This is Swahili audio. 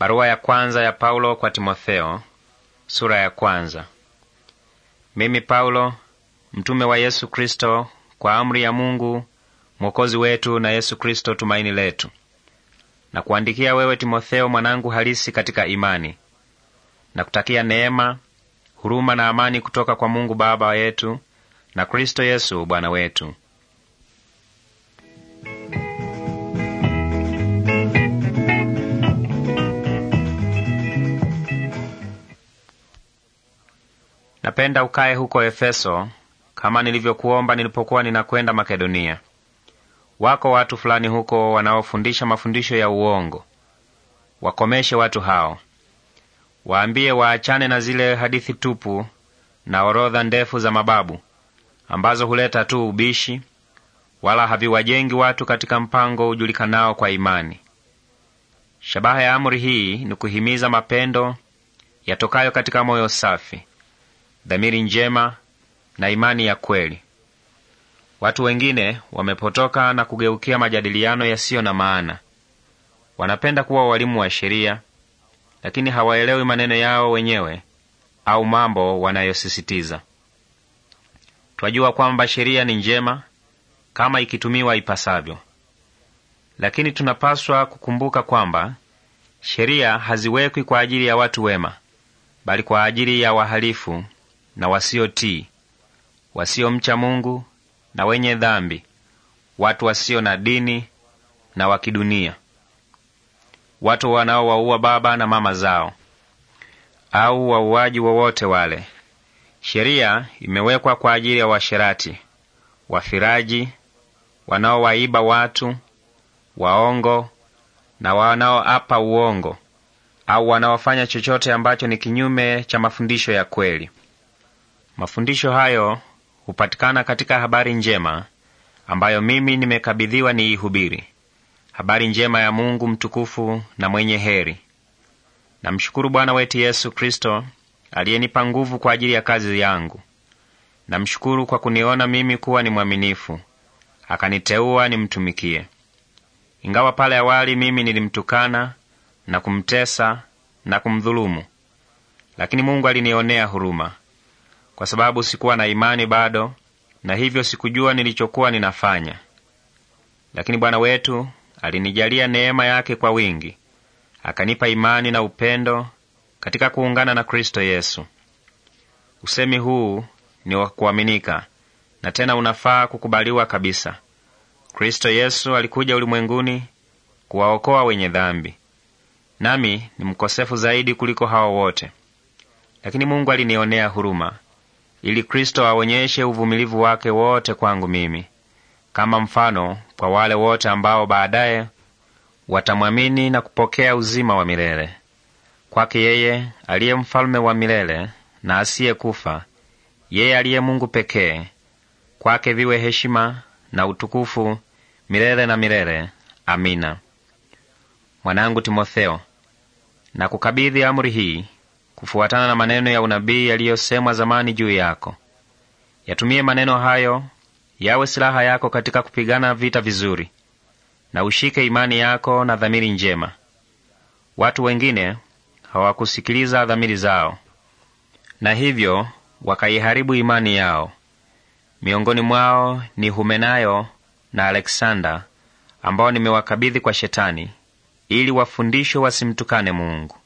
Barua ya kwanza ya Paulo kwa Timotheo, sura ya kwanza. Mimi Paulo, mtume wa Yesu Kristo, kwa amri ya Mungu Mwokozi wetu na Yesu Kristo tumaini letu, na kuandikia wewe Timotheo, mwanangu halisi katika imani, na kutakia neema, huruma na amani kutoka kwa Mungu Baba yetu na Kristo Yesu Bwana wetu. Napenda ukae huko Efeso kama nilivyokuomba nilipokuwa ninakwenda Makedonia. Wako watu fulani huko wanaofundisha mafundisho ya uongo. Wakomeshe watu hao, waambie waachane na zile hadithi tupu na orodha ndefu za mababu ambazo huleta tu ubishi, wala haviwajengi watu katika mpango ujulikanao kwa imani. Shabaha ya amri hii ni kuhimiza mapendo yatokayo katika moyo safi dhamiri njema na imani ya kweli. Watu wengine wamepotoka na kugeukia majadiliano yasiyo na maana. Wanapenda kuwa walimu wa sheria, lakini hawaelewi maneno yao wenyewe au mambo wanayosisitiza. Twajua kwamba sheria ni njema kama ikitumiwa ipasavyo, lakini tunapaswa kukumbuka kwamba sheria haziwekwi kwa ajili ya watu wema, bali kwa ajili ya wahalifu na wasiotii, wasiomcha Mungu na wenye dhambi, watu wasio na dini na wa kidunia, watu wanaowaua baba na mama zao, au wauaji wowote wale. Sheria imewekwa kwa ajili ya washerati, wafiraji, wanaowaiba watu, waongo na wanaoapa uongo, au wanaofanya chochote ambacho ni kinyume cha mafundisho ya kweli. Mafundisho hayo hupatikana katika habari njema ambayo mimi nimekabidhiwa niihubiri, habari njema ya Mungu mtukufu na mwenye heri. Namshukuru Bwana wetu Yesu Kristo aliyenipa nguvu kwa ajili ya kazi yangu. Namshukuru kwa kuniona mimi kuwa ni mwaminifu, akaniteua nimtumikie. Ingawa pale awali mimi nilimtukana na kumtesa na kumdhulumu, lakini Mungu alinionea huruma kwa sababu sikuwa na imani bado, na hivyo sikujua nilichokuwa ninafanya. Lakini Bwana wetu alinijalia neema yake kwa wingi, akanipa imani na upendo katika kuungana na Kristo Yesu. Usemi huu ni wa kuaminika na tena unafaa kukubaliwa kabisa. Kristo Yesu alikuja ulimwenguni kuwaokoa wenye dhambi, nami ni mkosefu zaidi kuliko hao wote, lakini Mungu alinionea huruma ili Kristo aonyeshe uvumilivu wake wote kwangu mimi, kama mfano kwa wale wote ambao baadaye watamwamini na kupokea uzima wa milele. Kwake yeye aliye mfalme wa milele na asiyekufa, yeye aliye Mungu pekee, kwake viwe heshima na utukufu milele na milele. Amina. Mwanangu Timotheo, nakukabidhi amri hii kufuatana na maneno ya unabii yaliyosemwa zamani juu yako. Yatumie maneno hayo yawe silaha yako katika kupigana vita vizuri, na ushike imani yako na dhamiri njema. Watu wengine hawakusikiliza dhamiri zao, na hivyo wakaiharibu imani yao. Miongoni mwao ni Humenayo na Aleksanda, ambao nimewakabidhi kwa Shetani ili wafundishwe wasimtukane Mungu.